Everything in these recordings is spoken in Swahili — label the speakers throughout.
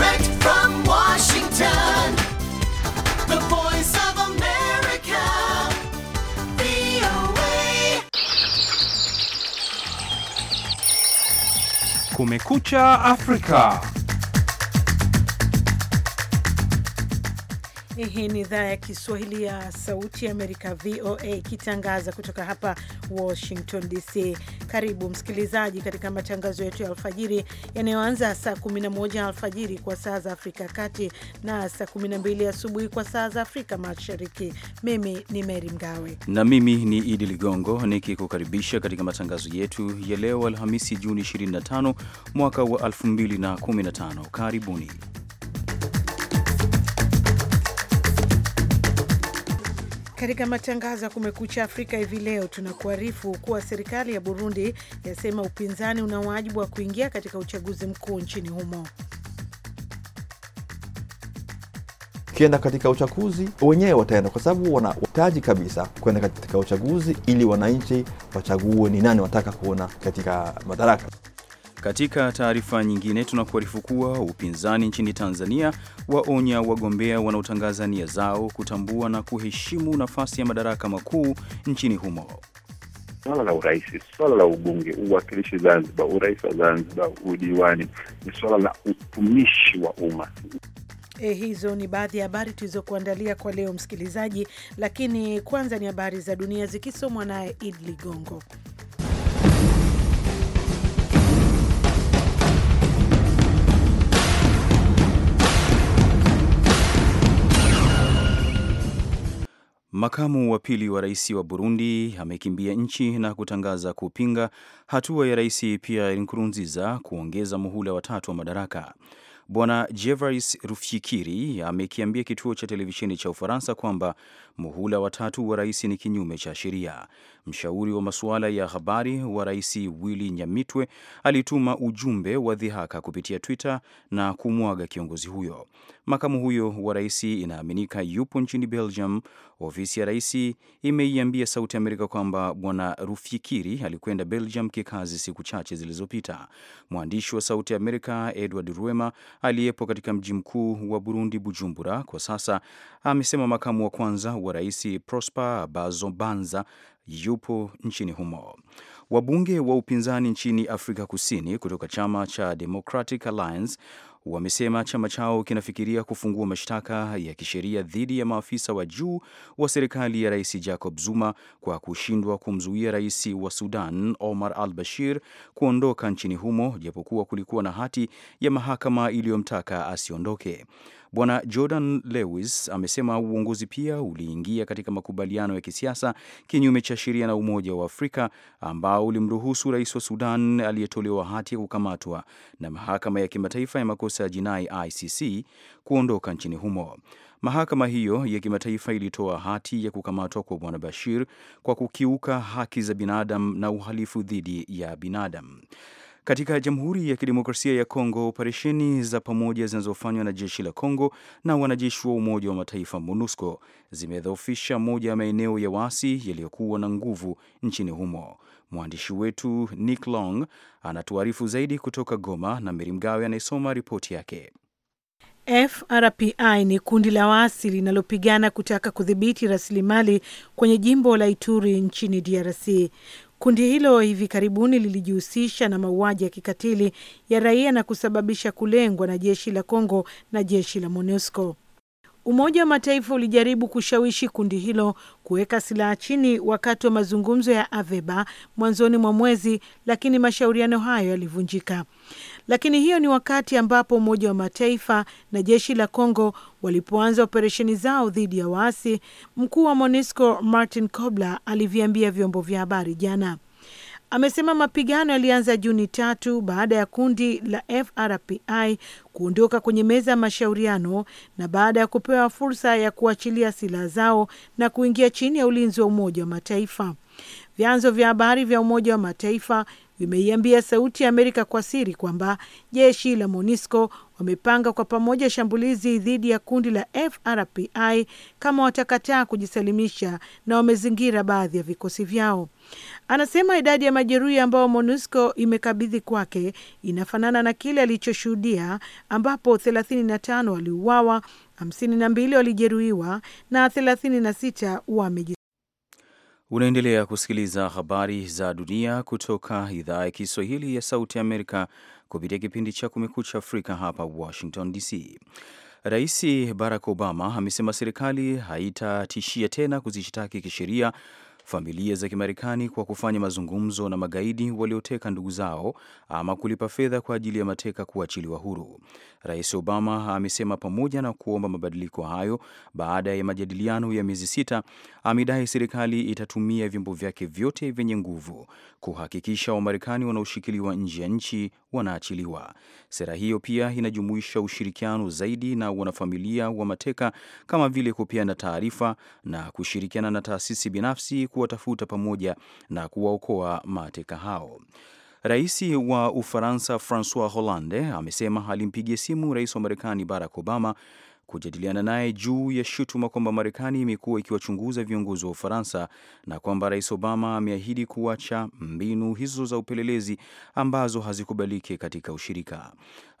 Speaker 1: Direct from Washington, the voice of America,
Speaker 2: VOA.
Speaker 1: Kumekucha Afrika.
Speaker 2: Hii ni idhaa ya Kiswahili ya Sauti ya Amerika, VOA, ikitangaza kutoka hapa Washington DC. Karibu msikilizaji katika matangazo yetu ya alfajiri yanayoanza saa 11 alfajiri kwa saa za Afrika Kati na saa 12 asubuhi kwa saa za Afrika Mashariki. Mimi ni Meri Mgawe
Speaker 1: na mimi ni Idi Ligongo nikikukaribisha katika matangazo yetu ya leo Alhamisi, Juni 25 mwaka wa 2015. Karibuni.
Speaker 2: Katika matangazo ya Kumekucha Afrika hivi leo tunakuarifu kuwa serikali ya Burundi yasema upinzani una wajibu wa kuingia katika uchaguzi mkuu nchini humo.
Speaker 3: Ukienda katika uchaguzi wenyewe wataenda, kwa sababu wanahitaji kabisa kuenda katika uchaguzi ili wananchi wachague ni nani wanataka kuona katika madaraka.
Speaker 1: Katika taarifa nyingine, tunakuarifu kuwa upinzani nchini Tanzania waonya wagombea wanaotangaza nia zao kutambua na kuheshimu nafasi ya madaraka makuu nchini humo.
Speaker 4: Swala la urais, swala la ubunge, uwakilishi Zanzibar, urais wa Zanzibar, udiwani ni swala la utumishi wa umma.
Speaker 2: Eh, hizo ni baadhi ya habari tulizokuandalia kwa leo msikilizaji, lakini kwanza ni habari za dunia zikisomwa naye Idi Ligongo.
Speaker 1: Makamu wa pili wa rais wa Burundi amekimbia nchi na kutangaza kupinga hatua ya rais Pierre Nkurunziza kuongeza muhula watatu wa madaraka. Bwana Jevais Rufyikiri amekiambia kituo cha televisheni cha Ufaransa kwamba muhula watatu wa rais ni kinyume cha sheria mshauri wa masuala ya habari wa rais Willy Nyamitwe alituma ujumbe wa dhihaka kupitia Twitter na kumwaga kiongozi huyo. Makamu huyo wa rais inaaminika yupo nchini Belgium. Ofisi ya rais imeiambia Sauti Amerika kwamba bwana Rufikiri alikwenda Belgium kikazi siku chache zilizopita. Mwandishi wa Sauti Amerika Edward Ruema aliyepo katika mji mkuu wa Burundi, Bujumbura, kwa sasa amesema makamu wa kwanza wa rais Prosper Bazobanza yupo nchini humo. Wabunge wa upinzani nchini Afrika Kusini kutoka chama cha Democratic Alliance wamesema chama chao kinafikiria kufungua mashtaka ya kisheria dhidi ya maafisa wa juu wa serikali ya Rais Jacob Zuma kwa kushindwa kumzuia rais wa Sudan Omar al Bashir kuondoka nchini humo, japokuwa kulikuwa na hati ya mahakama iliyomtaka asiondoke. Bwana Jordan Lewis amesema uongozi pia uliingia katika makubaliano ya kisiasa kinyume cha sheria na Umoja wa Afrika ambao ulimruhusu rais wa Sudan aliyetolewa hati ya kukamatwa na mahakama ya kimataifa ya makosa ya jinai ICC kuondoka nchini humo. Mahakama hiyo ya kimataifa ilitoa hati ya kukamatwa kwa bwana Bashir kwa kukiuka haki za binadamu na uhalifu dhidi ya binadamu. Katika Jamhuri ya Kidemokrasia ya Kongo, operesheni za pamoja zinazofanywa na jeshi la Kongo na wanajeshi wa Umoja wa Mataifa MONUSCO zimedhoofisha moja ya maeneo ya waasi yaliyokuwa na nguvu nchini humo. Mwandishi wetu Nick Long anatuarifu zaidi kutoka Goma na Meri Mgawe anayesoma ripoti yake.
Speaker 2: FRPI ni kundi la waasi linalopigana kutaka kudhibiti rasilimali kwenye jimbo la Ituri nchini DRC. Kundi hilo hivi karibuni lilijihusisha na mauaji ya kikatili ya raia na kusababisha kulengwa na jeshi la Kongo na jeshi la MONUSCO. Umoja wa Mataifa ulijaribu kushawishi kundi hilo kuweka silaha chini wakati wa mazungumzo ya Aveba mwanzoni mwa mwezi, lakini mashauriano hayo yalivunjika lakini hiyo ni wakati ambapo Umoja wa Mataifa na jeshi la congo walipoanza operesheni zao dhidi ya waasi. Mkuu wa MONUSCO Martin Kobler aliviambia vyombo vya habari jana, amesema mapigano yalianza Juni tatu baada ya kundi la FRPI kuondoka kwenye meza ya mashauriano na baada ya kupewa fursa ya kuachilia silaha zao na kuingia chini ya ulinzi wa Umoja wa Mataifa. Vyanzo vya habari vya Umoja wa Mataifa vimeiambia Sauti ya Amerika kwa siri kwamba jeshi la MONUSCO wamepanga kwa pamoja shambulizi dhidi ya kundi la FRPI kama watakataa kujisalimisha na wamezingira baadhi ya vikosi vyao. Anasema idadi ya majeruhi ambao MONUSCO imekabidhi kwake inafanana na kile alichoshuhudia ambapo 35 waliuawa, 52 walijeruhiwa na 36 wame
Speaker 1: Unaendelea kusikiliza habari za dunia kutoka idhaa ya Kiswahili ya Sauti ya Amerika kupitia kipindi cha Kumekucha Afrika hapa Washington DC. Rais Barack Obama amesema serikali haitatishia tena kuzishtaki kisheria familia za Kimarekani kwa kufanya mazungumzo na magaidi walioteka ndugu zao ama kulipa fedha kwa ajili ya mateka kuachiliwa huru. Rais Obama amesema pamoja na kuomba mabadiliko hayo baada ya majadiliano ya miezi sita, amedai serikali itatumia vyombo vyake vyote vyenye nguvu kuhakikisha Wamarekani wanaoshikiliwa nje ya nchi wanaachiliwa. Sera hiyo pia inajumuisha ushirikiano zaidi na wanafamilia wa mateka kama vile kupeana taarifa na kushirikiana na taasisi binafsi ku kuwatafuta pamoja na kuwaokoa mateka hao. Rais wa Ufaransa Francois Hollande amesema alimpigia simu rais wa Marekani Barack Obama kujadiliana naye juu ya shutuma kwamba Marekani imekuwa ikiwachunguza viongozi wa Ufaransa na kwamba Rais Obama ameahidi kuacha mbinu hizo za upelelezi ambazo hazikubaliki katika ushirika.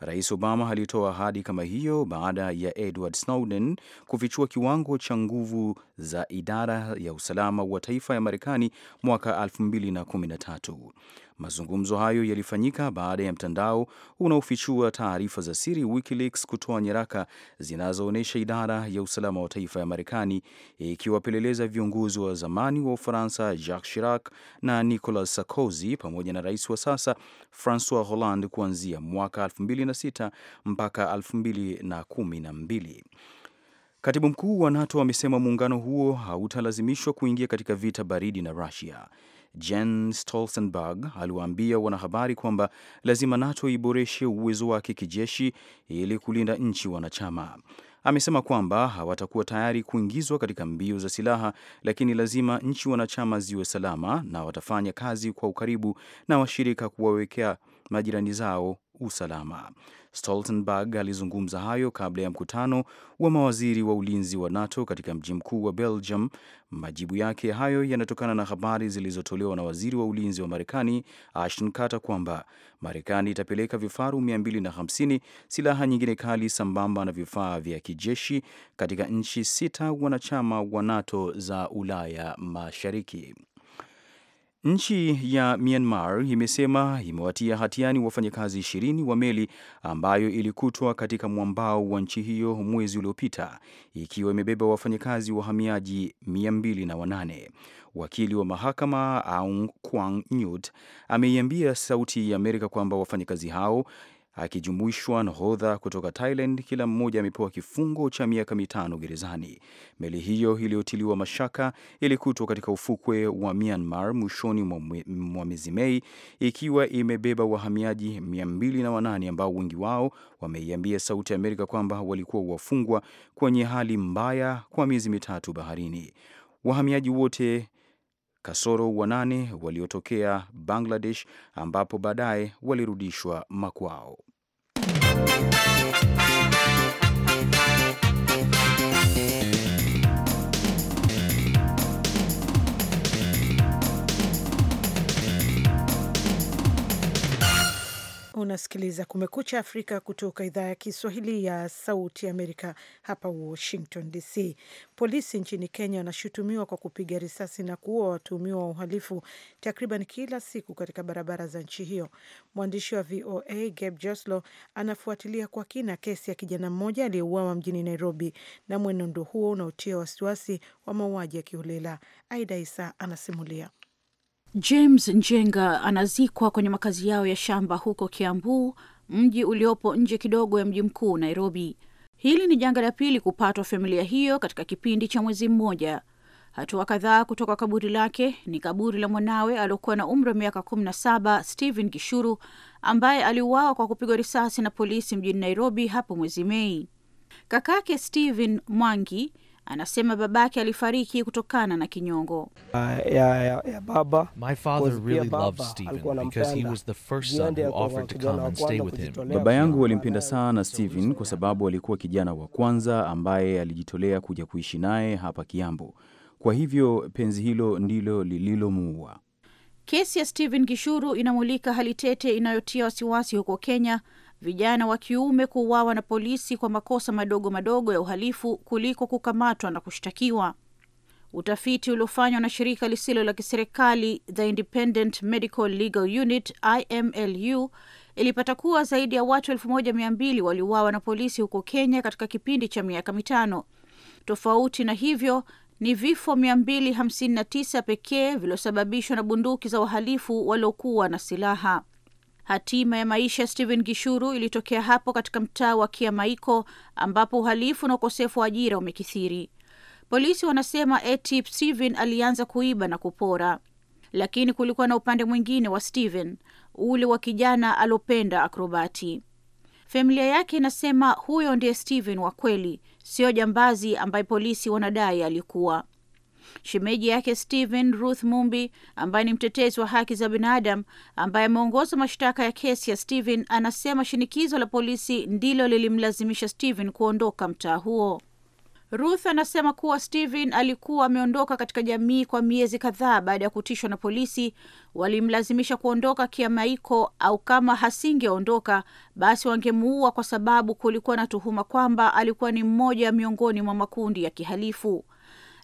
Speaker 1: Rais Obama alitoa ahadi kama hiyo baada ya Edward Snowden kufichua kiwango cha nguvu za idara ya usalama wa taifa ya Marekani mwaka 2013. Mazungumzo hayo yalifanyika baada ya mtandao unaofichua taarifa za siri WikiLeaks kutoa nyaraka zinazoonyesha idara ya usalama wa taifa ya Marekani ikiwapeleleza viongozi wa zamani wa Ufaransa Jacques Chirac na Nicolas Sarkozy pamoja na rais wa sasa Francois Hollande kuanzia mwaka 2013 2006 mpaka 2012. Katibu mkuu wa NATO amesema muungano huo hautalazimishwa kuingia katika vita baridi na rusia Jen Stoltenberg aliwaambia wanahabari kwamba lazima NATO iboreshe uwezo wake kijeshi ili kulinda nchi wanachama. Amesema kwamba hawatakuwa tayari kuingizwa katika mbio za silaha, lakini lazima nchi wanachama ziwe salama na watafanya kazi kwa ukaribu na washirika kuwawekea majirani zao usalama. Stoltenberg alizungumza hayo kabla ya mkutano wa mawaziri wa ulinzi wa NATO katika mji mkuu wa Belgium. Majibu yake hayo yanatokana na habari zilizotolewa na waziri wa ulinzi wa Marekani Ashton Carter kwamba Marekani itapeleka vifaru 250, silaha nyingine kali sambamba na vifaa vya kijeshi katika nchi sita wanachama wa NATO za Ulaya Mashariki. Nchi ya Myanmar imesema imewatia hatiani wafanyakazi ishirini wa meli ambayo ilikutwa katika mwambao wa nchi hiyo mwezi uliopita ikiwa imebeba wafanyakazi wahamiaji na wanane Wakili wa mahakama Aung Kwang Nyut ameiambia Sauti ya Amerika kwamba wafanyakazi hao akijumuishwa nahodha kutoka Thailand. Kila mmoja amepewa kifungo cha miaka mitano gerezani. Meli hiyo iliyotiliwa mashaka ilikutwa katika ufukwe wa Myanmar mwishoni mwa mwezi Mei ikiwa imebeba wahamiaji 208 ambao wengi wao wameiambia Sauti ya Amerika kwamba walikuwa wafungwa kwenye hali mbaya kwa miezi mitatu baharini. Wahamiaji wote kasoro wanane waliotokea Bangladesh ambapo baadaye walirudishwa makwao. you
Speaker 2: Unasikiliza Kumekucha Afrika kutoka idhaa ya Kiswahili ya Sauti Amerika, hapa Washington DC. Polisi nchini Kenya wanashutumiwa kwa kupiga risasi na kuua watuhumiwa wa uhalifu takriban kila siku katika barabara za nchi hiyo. Mwandishi wa VOA Gabe Joslow anafuatilia kwa kina kesi ya kijana mmoja aliyeuawa mjini Nairobi na mwenendo huo unaotia wasiwasi wa mauaji ya kiholela.
Speaker 5: Aida Isa anasimulia. James Njenga anazikwa kwenye makazi yao ya shamba huko Kiambu, mji uliopo nje kidogo ya mji mkuu Nairobi. Hili ni janga la pili kupatwa familia hiyo katika kipindi cha mwezi mmoja. Hatua kadhaa kutoka kaburi lake ni kaburi la mwanawe aliokuwa na umri wa miaka kumi na saba Stephen Gishuru, ambaye aliuawa kwa kupigwa risasi na polisi mjini Nairobi hapo mwezi Mei. Kakake Stephen Mwangi Anasema babake alifariki kutokana na kinyongo.
Speaker 6: Uh, ya, ya, ya baba. My father really loved Stephen because he was the first son who offered to come and stay with him. Baba
Speaker 1: yangu alimpenda sana Stephen kwa sababu alikuwa kijana wa kwanza ambaye alijitolea kuja kuishi naye hapa Kiambu. Kwa hivyo penzi hilo ndilo lililomuua.
Speaker 5: Kesi ya Stephen Gishuru inamulika hali tete inayotia wasiwasi huko Kenya vijana wa kiume kuuawa na polisi kwa makosa madogo madogo ya uhalifu kuliko kukamatwa na kushtakiwa. Utafiti uliofanywa na shirika lisilo la kiserikali The Independent Medical Legal Unit IMLU ilipata kuwa zaidi ya watu elfu moja mia mbili waliuawa na polisi huko Kenya katika kipindi cha miaka mitano. Tofauti na hivyo ni vifo 259 pekee vilivyosababishwa na bunduki za wahalifu waliokuwa na silaha. Hatima ya maisha ya Steven Gishuru ilitokea hapo katika mtaa wa Kiamaiko ambapo uhalifu na ukosefu wa ajira umekithiri. Polisi wanasema eti Steven alianza kuiba na kupora, lakini kulikuwa na upande mwingine wa stehen ule wa kijana alopenda akrobati. Familia yake inasema huyo ndiye stehen wa kweli, sio jambazi ambaye polisi wanadai alikuwa. Shemeji yake Stephen Ruth Mumbi, ambaye ni mtetezi wa haki za binadamu ambaye ameongoza mashtaka ya kesi ya Stephen, anasema shinikizo la polisi ndilo lilimlazimisha Stephen kuondoka mtaa huo. Ruth anasema kuwa Stephen alikuwa ameondoka katika jamii kwa miezi kadhaa baada ya kutishwa na polisi. Walimlazimisha kuondoka kiamaiko, au kama hasingeondoka basi wangemuua, kwa sababu kulikuwa na tuhuma kwamba alikuwa ni mmoja miongoni mwa makundi ya kihalifu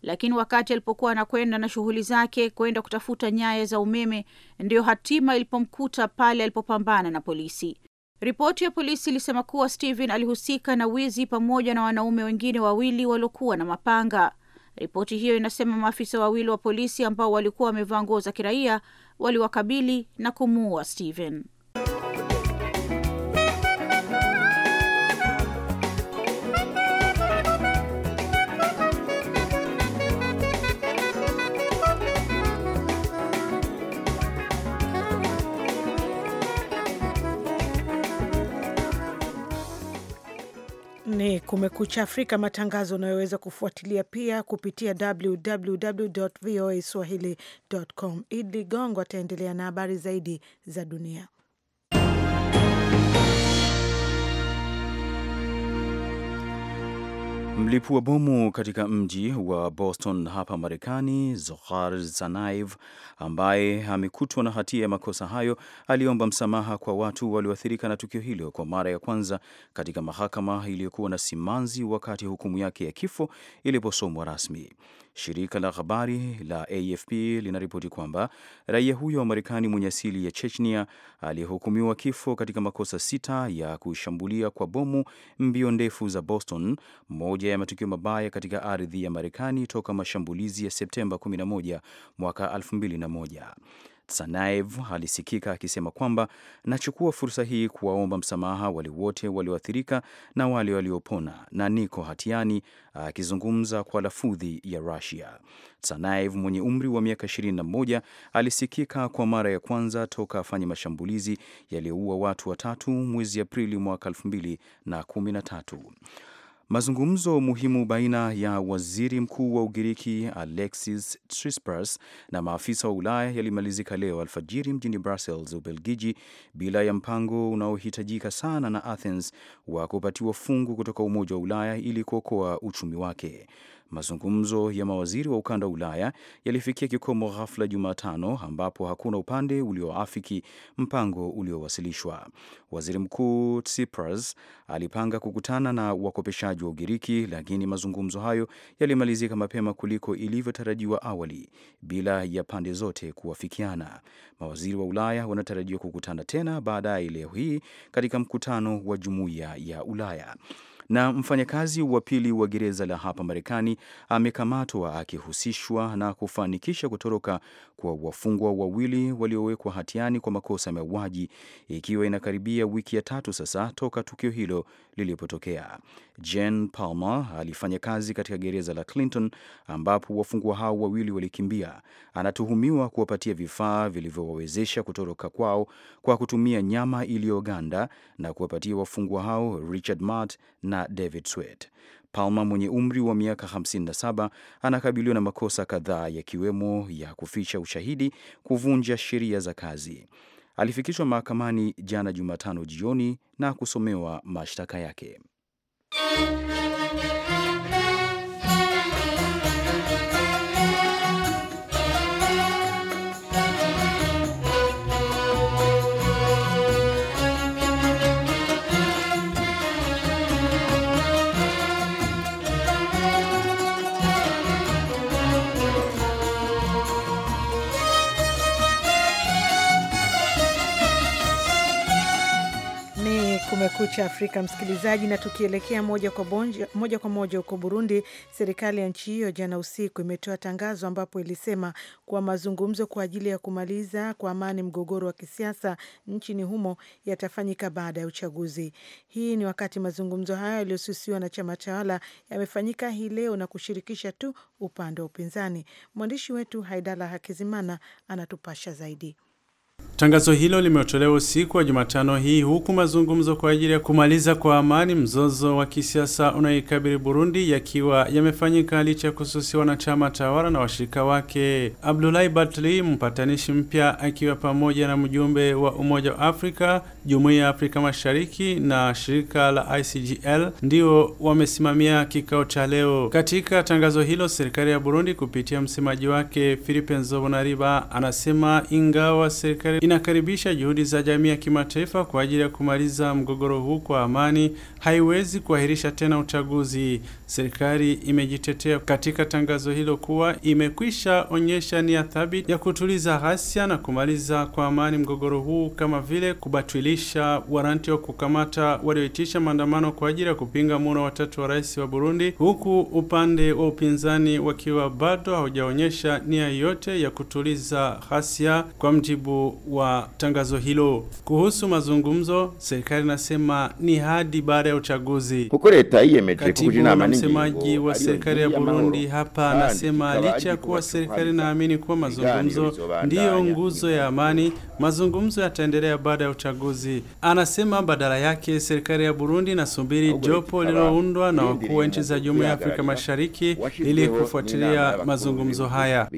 Speaker 5: lakini wakati alipokuwa anakwenda na shughuli zake kwenda kutafuta nyaya za umeme, ndiyo hatima ilipomkuta pale alipopambana na polisi. Ripoti ya polisi ilisema kuwa Steven alihusika na wizi pamoja na wanaume wengine wawili waliokuwa na mapanga. Ripoti hiyo inasema maafisa wawili wa polisi ambao walikuwa wamevaa nguo za kiraia waliwakabili na kumuua Steven.
Speaker 2: ni Kumekucha Afrika, matangazo unayoweza kufuatilia pia kupitia www voa swahili.com. Idi Ligongo ataendelea na habari zaidi za dunia.
Speaker 1: Mlipua bomu katika mji wa Boston hapa Marekani, Zohar Zanaiv ambaye amekutwa na hatia ya makosa hayo aliomba msamaha kwa watu walioathirika na tukio hilo kwa mara ya kwanza katika mahakama iliyokuwa na simanzi wakati hukumu yake ya kifo iliposomwa rasmi. Shirika la habari la AFP linaripoti kwamba raia huyo wa Marekani mwenye asili ya Chechnia aliyehukumiwa kifo katika makosa sita ya kushambulia kwa bomu mbio ndefu za Boston, moja ya matukio mabaya katika ardhi ya Marekani toka mashambulizi ya Septemba 11 mwaka 2001. Tsanaev alisikika akisema kwamba nachukua fursa hii kuwaomba msamaha wale wote walioathirika na wale waliopona na niko hatiani, akizungumza kwa lafudhi ya Rusia. Tsanaev mwenye umri wa miaka 21 alisikika kwa mara ya kwanza toka afanye mashambulizi yaliyoua watu watatu mwezi Aprili mwaka 2013. Mazungumzo muhimu baina ya waziri mkuu wa Ugiriki Alexis Tsipras na maafisa wa Ulaya yalimalizika leo alfajiri mjini Brussels, Ubelgiji, bila ya mpango unaohitajika sana na Athens wa kupatiwa fungu kutoka Umoja wa Ulaya ili kuokoa uchumi wake. Mazungumzo ya mawaziri wa ukanda wa Ulaya yalifikia kikomo ghafla Jumatano, ambapo hakuna upande ulioafiki mpango uliowasilishwa. Waziri Mkuu Tsipras alipanga kukutana na wakopeshaji wa Ugiriki, lakini mazungumzo hayo yalimalizika mapema kuliko ilivyotarajiwa awali bila ya pande zote kuwafikiana. Mawaziri wa Ulaya wanatarajiwa kukutana tena baadaye leo hii katika mkutano wa Jumuiya ya Ulaya na mfanyakazi wa pili wa gereza la hapa Marekani amekamatwa akihusishwa na kufanikisha kutoroka kwa wafungwa wawili waliowekwa hatiani kwa makosa ya mauaji, ikiwa inakaribia wiki ya tatu sasa toka tukio hilo lilipotokea. Jen Palmer alifanya kazi katika gereza la Clinton ambapo wafungwa hao wawili walikimbia. Anatuhumiwa kuwapatia vifaa vilivyowawezesha kutoroka kwao kwa kutumia nyama iliyoganda na kuwapatia wafungwa hao Richard Mart na na David Sweat. Palma mwenye umri wa miaka 57 anakabiliwa na makosa kadhaa yakiwemo ya kuficha ushahidi, kuvunja sheria za kazi. Alifikishwa mahakamani jana Jumatano jioni na kusomewa mashtaka yake.
Speaker 2: Kumekucha Afrika, msikilizaji, na tukielekea moja kwa moja kwa moja huko Burundi. Serikali ya nchi hiyo jana usiku imetoa tangazo ambapo ilisema kuwa mazungumzo kwa ajili ya kumaliza kwa amani mgogoro wa kisiasa nchini humo yatafanyika baada ya uchaguzi. Hii ni wakati mazungumzo hayo yaliyosusiwa na chama tawala yamefanyika hii leo na kushirikisha tu upande wa upinzani. Mwandishi wetu Haidala Hakizimana anatupasha zaidi.
Speaker 7: Tangazo hilo limetolewa usiku wa Jumatano hii huku mazungumzo kwa ajili ya kumaliza kwa amani mzozo wa kisiasa unaoikabili Burundi yakiwa yamefanyika licha ya kususiwa na chama tawala na washirika wake. Abdulahi Batli, mpatanishi mpya, akiwa pamoja na mjumbe wa Umoja wa Afrika Jumuiya ya Afrika Mashariki na shirika la ICGL ndio wamesimamia kikao cha leo. Katika tangazo hilo, serikali ya Burundi kupitia msemaji wake Philippe Nzobonariba anasema ingawa serikali inakaribisha juhudi za jamii ya kimataifa kwa ajili ya kumaliza mgogoro huu kwa amani, haiwezi kuahirisha tena uchaguzi. Serikali imejitetea katika tangazo hilo kuwa imekwisha onyesha nia thabiti ya kutuliza ghasia na kumaliza kwa amani mgogoro huu kama vile kubatili kuwasilisha waranti wa kukamata walioitisha maandamano kwa ajili ya kupinga muhula wa tatu wa rais wa Burundi, huku upande wa upinzani wakiwa bado haujaonyesha nia yote ya kutuliza ghasia, kwa mjibu wa tangazo hilo. Kuhusu mazungumzo, serikali inasema ni hadi baada ya uchaguzi. kuko leta msemaji wa serikali ya Burundi hapa anasema licha ya kuwa serikali inaamini kuwa mazungumzo ndiyo nguzo ya amani, mazungumzo yataendelea baada ya uchaguzi uchaguzi. Anasema badala yake serikali ya Burundi inasubiri jopo lililoundwa na wakuu wa nchi za Jumuiya ya Afrika Mashariki ili kufuatilia mazungumzo haya.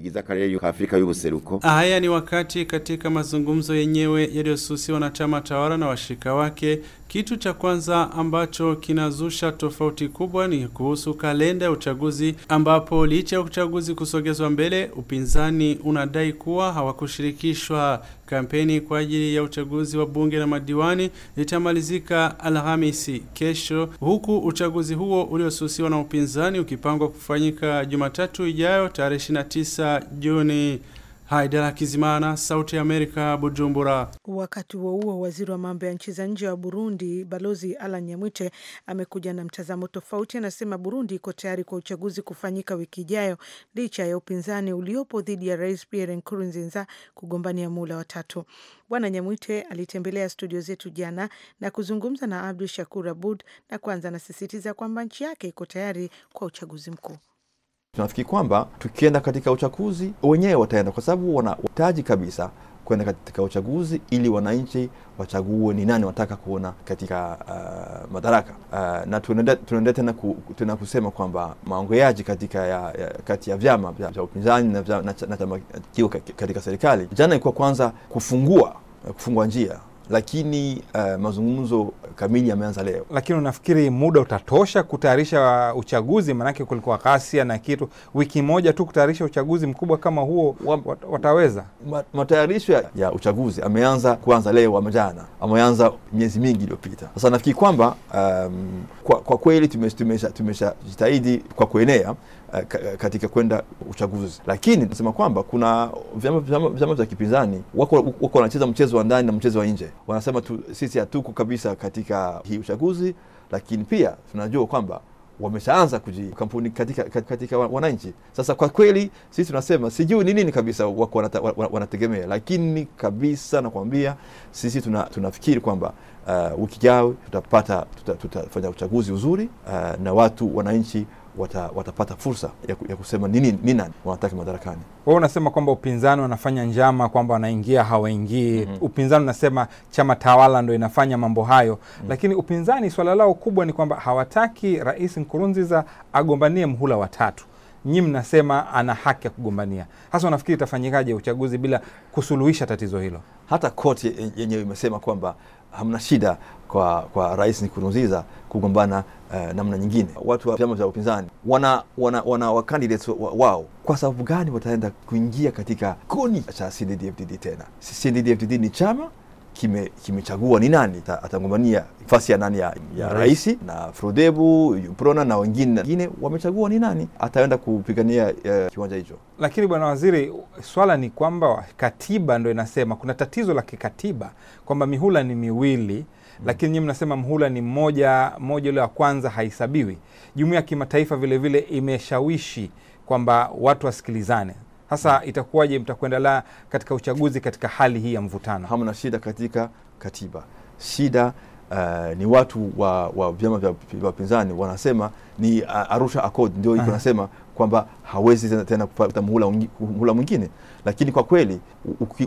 Speaker 7: Haya ni wakati katika mazungumzo yenyewe yaliyosusiwa na chama tawala na washirika wake kitu cha kwanza ambacho kinazusha tofauti kubwa ni kuhusu kalenda ya uchaguzi, ambapo licha ya uchaguzi kusogezwa mbele, upinzani unadai kuwa hawakushirikishwa. Kampeni kwa ajili ya uchaguzi wa bunge na madiwani itamalizika Alhamisi kesho, huku uchaguzi huo uliosusiwa na upinzani ukipangwa kufanyika Jumatatu ijayo tarehe 29 Juni. Haidara Kizimana, Sauti ya Amerika, Bujumbura.
Speaker 2: Wakati huo huo, waziri wa mambo ya nchi za nje wa Burundi Balozi Alan Nyamwite amekuja na mtazamo tofauti. Anasema Burundi iko tayari kwa uchaguzi kufanyika wiki ijayo licha ya upinzani uliopo dhidi ya Rais Pierre Nkurunziza kugombania muhula watatu. Bwana Nyamwite alitembelea studio zetu jana na kuzungumza na Abdu Shakur Abud, na kwanza anasisitiza kwamba nchi yake iko tayari kwa uchaguzi mkuu
Speaker 3: tunafikiri kwamba tukienda katika uchaguzi wenyewe wataenda, kwa sababu wanahitaji kabisa kwenda katika uchaguzi ili wananchi wachague ni nani wataka kuona katika uh, madaraka uh, na tunaendea tena, ku, tena kusema kwamba maongeaji katika ya, ya, kati ya vyama vya upinzani na chama kikuu katika serikali jana ilikuwa kwanza kufungua kufungua njia lakini uh, mazungumzo kamili yameanza leo. Lakini unafikiri muda utatosha kutayarisha uchaguzi? Maanake kulikuwa ghasia na kitu, wiki moja tu kutayarisha uchaguzi mkubwa kama huo, wataweza? Matayarisho ya uchaguzi ameanza kuanza leo ama jana, ameanza miezi mingi iliyopita. Sasa nafikiri kwamba um, kwa, kwa kweli tumesha tumeshajitahidi kwa kuenea Eh, katika kwenda uchaguzi, lakini nasema kwamba kuna vyama, vyama, vyama vya kipinzani wako wanacheza mchezo wa ndani na mchezo wa nje. Wanasema tu, sisi hatuko kabisa katika hii uchaguzi, lakini pia tunajua kwamba wameshaanza kujikampuni katika, katika wananchi. Sasa kwa kweli sisi tunasema sijui ni nini kabisa wako wanategemea, lakini kabisa nakwambia sisi tuna, tunafikiri kwamba uh, wiki jao tutapata tutafanya tuta, uchaguzi uzuri uh, na watu wananchi wata, watapata fursa ya, ya kusema nini ni nani wanataka madarakani. Wewe unasema kwamba upinzani wanafanya njama kwamba wanaingia hawaingii. mm -hmm. Upinzani unasema chama tawala ndo inafanya mambo hayo. mm -hmm. Lakini upinzani swala lao kubwa ni kwamba hawataki Rais Nkurunziza agombanie mhula watatu nyi mnasema ana haki ya kugombania. Hasa unafikiri itafanyikaje uchaguzi bila kusuluhisha tatizo hilo? Hata koti yenyewe imesema kwamba hamna shida kwa, kwa Rais Nkurunziza kugombana uh, namna nyingine. Watu wa vyama vya upinzani wana, wana, wana wakandidat wao, kwa sababu gani wataenda kuingia katika kuni cha cddfdd tena? cddfdd ni chama kimechagua kime ni nani atagombania nafasi ya nani ya, ya rais na Frodebu Prona na wengine wengine wamechagua ni nani ataenda kupigania uh, kiwanja hicho. Lakini bwana waziri, swala ni kwamba katiba ndo inasema kuna tatizo la kikatiba kwamba mihula ni miwili mm. lakini nyinyi mnasema mhula ni mmoja mmoja, ule wa kwanza haisabiwi. Jumuiya ya kimataifa vilevile imeshawishi kwamba watu wasikilizane. Sasa itakuwaje mtakwenda la katika uchaguzi katika hali hii ya mvutano? Hamna shida katika katiba. Shida uh, ni watu wa, wa vyama vya wapinzani wanasema ni eh, Arusha Accord ndio iko Nasema kwamba hawezi tena kupata muhula mwingine, lakini kwa kweli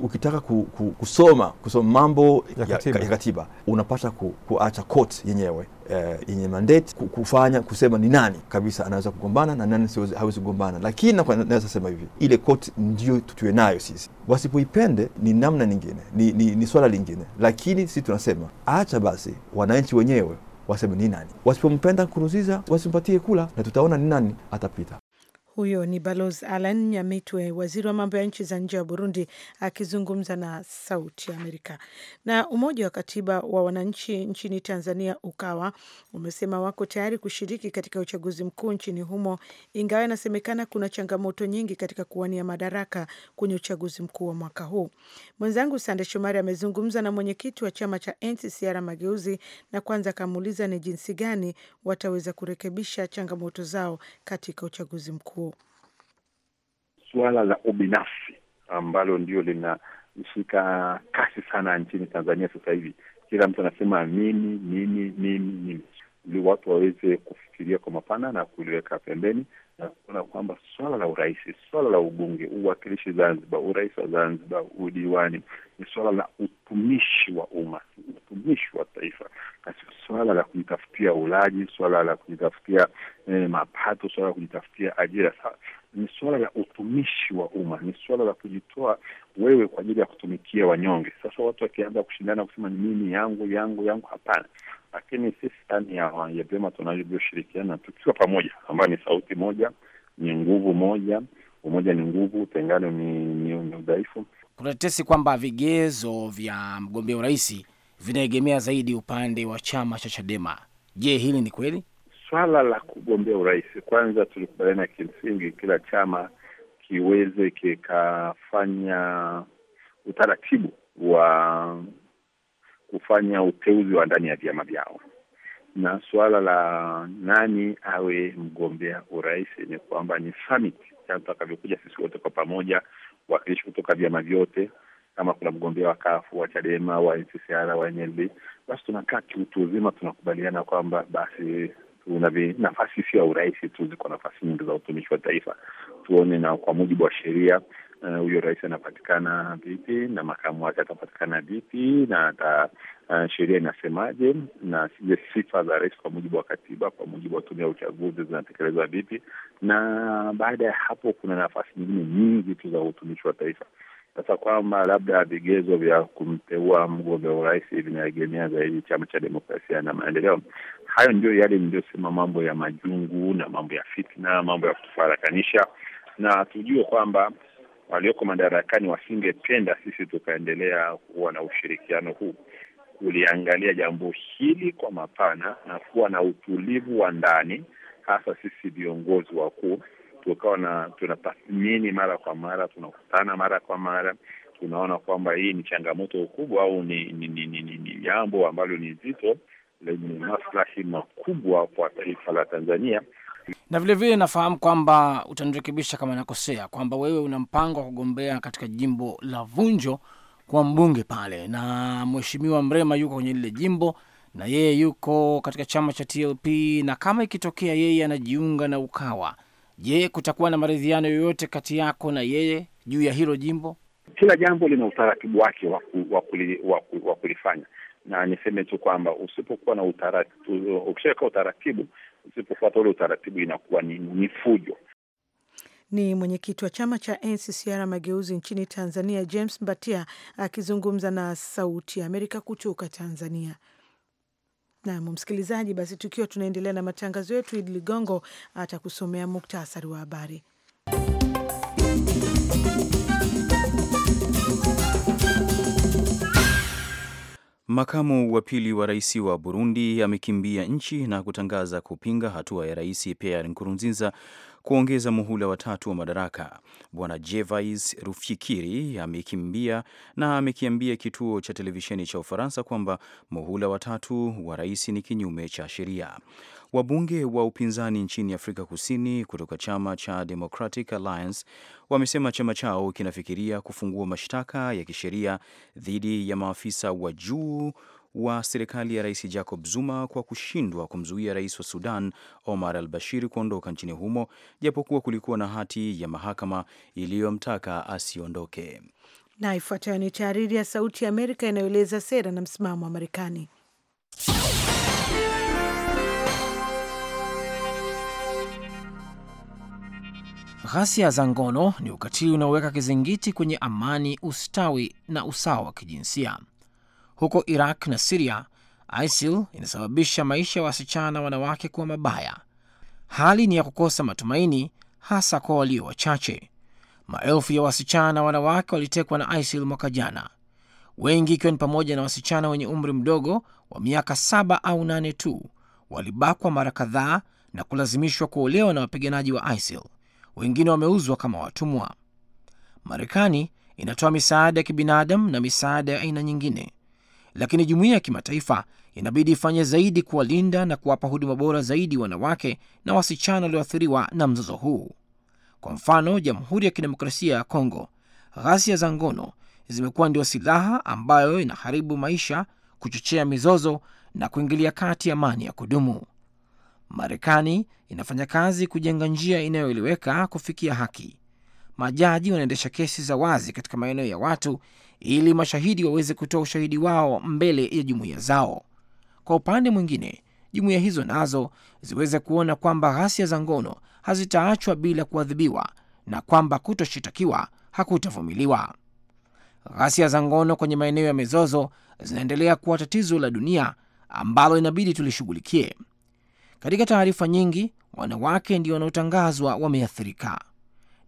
Speaker 3: ukitaka ku, ku, kusoma kusoma mambo ya katiba, ya katiba unapata ku, kuacha court yenyewe eh, yenye uh, mandate kufanya kusema ni nani kabisa anaweza kugombana na nani hawezi kugombana. Lakini naweza sema hivi, ile court ndio tutuwe nayo sisi, wasipoipende ni namna nyingine, ni, ni, ni swala lingine, lakini sisi tunasema acha basi wananchi wenyewe waseme ni nani. Wasipompenda Nkurunziza wasimpatie kula, na tutaona ni nani atapita.
Speaker 2: Huyo ni Balozi Alan Nyamitwe, waziri wa mambo ya nchi za nje wa Burundi, akizungumza na Sauti ya Amerika. Na Umoja wa Katiba wa Wananchi nchini Tanzania, UKAWA, umesema wako tayari kushiriki katika uchaguzi mkuu nchini humo, ingawa inasemekana kuna changamoto nyingi katika kuwania madaraka kwenye uchaguzi mkuu wa mwaka huu. Mwenzangu Sande Shomari amezungumza na mwenyekiti wa chama cha NCCR Mageuzi na kwanza akamuuliza ni jinsi gani wataweza kurekebisha changamoto zao katika uchaguzi mkuu
Speaker 4: suala la ubinafsi ambalo ndio linashika kasi sana nchini Tanzania sasa hivi. Kila mtu anasema mimi mimi mimi mimi, ili watu waweze kufikiria kwa mapana na kuliweka pembeni na kuona kwamba swala la urahisi swala la ubunge, uwakilishi Zanzibar, urais wa Zanzibar, udiwani ni swala la utumishi wa umma, utumishi wa taifa, na sio swala la kujitafutia ulaji, swala la kujitafutia eh, mapato, swala la kujitafutia ajira ni suala la utumishi wa umma, ni suala la kujitoa wewe kwa ajili ya kutumikia wanyonge. Sasa watu wakianza kushindana kusema ni mimi yangu yangu yangu, hapana. Lakini sisi ndani ya, ya vyama tunavyoshirikiana tukiwa pamoja, ambayo ni sauti moja, ni nguvu moja, umoja ni nguvu, utengano ni,
Speaker 6: ni, ni udhaifu. Kuna tetesi kwamba vigezo vya mgombea urahisi vinaegemea zaidi upande wa chama cha Chadema. Je, hili ni kweli?
Speaker 4: swala la kugombea urais, kwanza tulikubaliana kimsingi kila chama kiweze kikafanya utaratibu wa kufanya uteuzi wa ndani ya vyama vyao, na suala la nani awe mgombea urais ni kwamba ni summit ya tutakavyokuja sisi wote kwa pamoja, wakilishi kutoka vyama vyote kama kuna mgombea wa kafu wa Chadema wa NCCR wa NLD, basi tunakaa kiutu uzima, tunakubaliana kwamba basi tuna nafasi sio ya urahisi tu, ziko nafasi nyingi za utumishi wa taifa. Tuone na kwa mujibu wa sheria uh, huyo uh, rais anapatikana vipi na makamu wake atapatikana vipi na ata uh, sheria inasemaje, na zile sifa za rais kwa mujibu wa katiba, kwa mujibu wa tume ya uchaguzi zinatekelezwa vipi, na baada ya hapo kuna nafasi nyingine nyingi tu za utumishi wa taifa. Sasa kwamba labda vigezo vya kumteua mgombea urais vinaegemea zaidi chama cha demokrasia na maendeleo, hayo ndio yale niliyosema, mambo ya majungu na mambo ya fitna, mambo ya kutufarakanisha, na tujue kwamba walioko madarakani wasingependa sisi tukaendelea kuwa na ushirikiano huu. Kuliangalia jambo hili kwa mapana na kuwa na utulivu wa ndani, hasa sisi viongozi wakuu tukawa na tunatathmini mara kwa mara, tunakutana mara kwa mara, tunaona kwamba hii ni changamoto kubwa au ni jambo ni, ni, ni, ni, ambalo ni zito lenye maslahi makubwa kwa taifa la Tanzania.
Speaker 6: Na vilevile nafahamu kwamba utanirekebisha kama nakosea, kwamba wewe una mpango wa kugombea katika jimbo la Vunjo kwa mbunge pale, na mheshimiwa Mrema yuko kwenye lile jimbo na yeye yuko katika chama cha TLP, na kama ikitokea yeye anajiunga na Ukawa Je, kutakuwa na maridhiano yoyote kati yako na yeye juu ya hilo jimbo?
Speaker 4: Kila jambo lina utaratibu wake wa kulifanya, na niseme tu kwamba usipokuwa na utaratibu, ukishaweka utaratibu, usipofuata ule utaratibu, inakuwa ni, ni fujo.
Speaker 2: Ni mwenyekiti wa chama cha NCCR Mageuzi nchini Tanzania, James Mbatia akizungumza na Sauti ya Amerika kutoka Tanzania. Nam msikilizaji, basi tukiwa tunaendelea na matangazo yetu, Idi Ligongo atakusomea muktasari wa habari.
Speaker 1: Makamu wa pili wa rais wa Burundi amekimbia nchi na kutangaza kupinga hatua ya Rais Pierre Nkurunziza kuongeza muhula watatu wa madaraka. Bwana jevais rufikiri amekimbia na amekiambia kituo cha televisheni cha Ufaransa kwamba muhula watatu wa rais ni kinyume cha sheria. Wabunge wa upinzani nchini Afrika Kusini kutoka chama cha Democratic Alliance wamesema chama chao kinafikiria kufungua mashtaka ya kisheria dhidi ya maafisa wa juu wa serikali ya Rais Jacob Zuma kwa kushindwa kumzuia rais wa Sudan Omar al Bashir kuondoka nchini humo, japokuwa kulikuwa na hati ya mahakama iliyomtaka asiondoke.
Speaker 2: Na ifuatayo ni tahariri ya Sauti ya Amerika inayoeleza sera na msimamo wa Marekani.
Speaker 6: Ghasia za ngono ni ukatili unaoweka kizingiti kwenye amani, ustawi na usawa wa kijinsia. Huko Iraq na Siria, ISIL inasababisha maisha ya wasichana na wanawake kuwa mabaya. Hali ni ya kukosa matumaini, hasa kwa walio wachache. Maelfu ya wasichana na wanawake walitekwa na ISIL mwaka jana, wengi ikiwa ni pamoja na wasichana wenye umri mdogo wa miaka saba au nane tu. Walibakwa mara kadhaa na kulazimishwa kuolewa na wapiganaji wa ISIL. Wengine wameuzwa kama watumwa. Marekani inatoa misaada ya kibinadamu na misaada ya aina nyingine lakini jumuiya ya kimataifa inabidi ifanye zaidi kuwalinda na kuwapa huduma bora zaidi wanawake na wasichana walioathiriwa na mzozo huu. Kwa mfano, Jamhuri ya Kidemokrasia ya Kongo, ghasia za ngono zimekuwa ndio silaha ambayo inaharibu maisha, kuchochea mizozo na kuingilia kati amani ya kudumu. Marekani inafanya kazi kujenga njia inayoeleweka kufikia haki majaji wanaendesha kesi za wazi katika maeneo ya watu ili mashahidi waweze kutoa ushahidi wao mbele ya jumuiya zao. Kwa upande mwingine, jumuiya hizo nazo ziweze kuona kwamba ghasia za ngono hazitaachwa bila kuadhibiwa na kwamba kutoshitakiwa hakutavumiliwa. Ghasia za ngono kwenye maeneo ya mizozo zinaendelea kuwa tatizo la dunia ambalo inabidi tulishughulikie. Katika taarifa nyingi, wanawake ndio wanaotangazwa wameathirika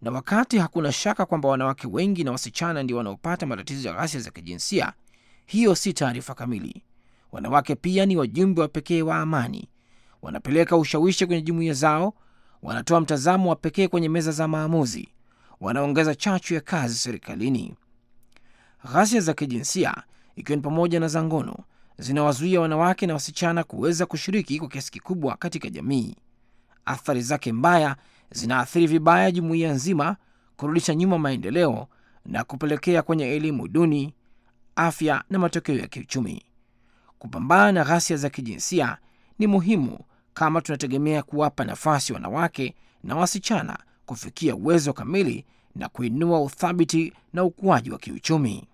Speaker 6: na wakati hakuna shaka kwamba wanawake wengi na wasichana ndio wanaopata matatizo ya ghasia za kijinsia, hiyo si taarifa kamili. Wanawake pia ni wajumbe wa pekee wa amani, wanapeleka ushawishi kwenye jumuiya zao, wanatoa mtazamo wa pekee kwenye meza za maamuzi, wanaongeza chachu ya kazi serikalini. Ghasia za kijinsia, ikiwa ni pamoja na za ngono, zinawazuia wanawake na wasichana kuweza kushiriki kwa kiasi kikubwa katika jamii. Athari zake mbaya zinaathiri vibaya jumuiya nzima, kurudisha nyuma maendeleo na kupelekea kwenye elimu duni, afya na matokeo ya kiuchumi. Kupambana na ghasia za kijinsia ni muhimu kama tunategemea kuwapa nafasi wanawake na wasichana kufikia uwezo kamili na kuinua uthabiti na ukuaji wa kiuchumi.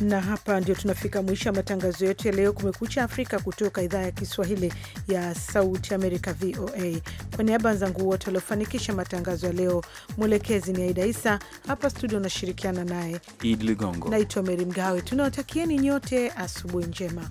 Speaker 2: Na hapa ndio tunafika mwisho wa matangazo yetu ya leo, Kumekucha Afrika, kutoka idhaa ya Kiswahili ya Sauti Amerika, VOA. Kwa niaba wenzangu wote waliofanikisha matangazo ya leo, mwelekezi ni Aida Isa, hapa studio unashirikiana naye
Speaker 1: Idi Ligongo,
Speaker 2: naitwa Meri Mgawe. Tunawatakieni nyote asubuhi njema.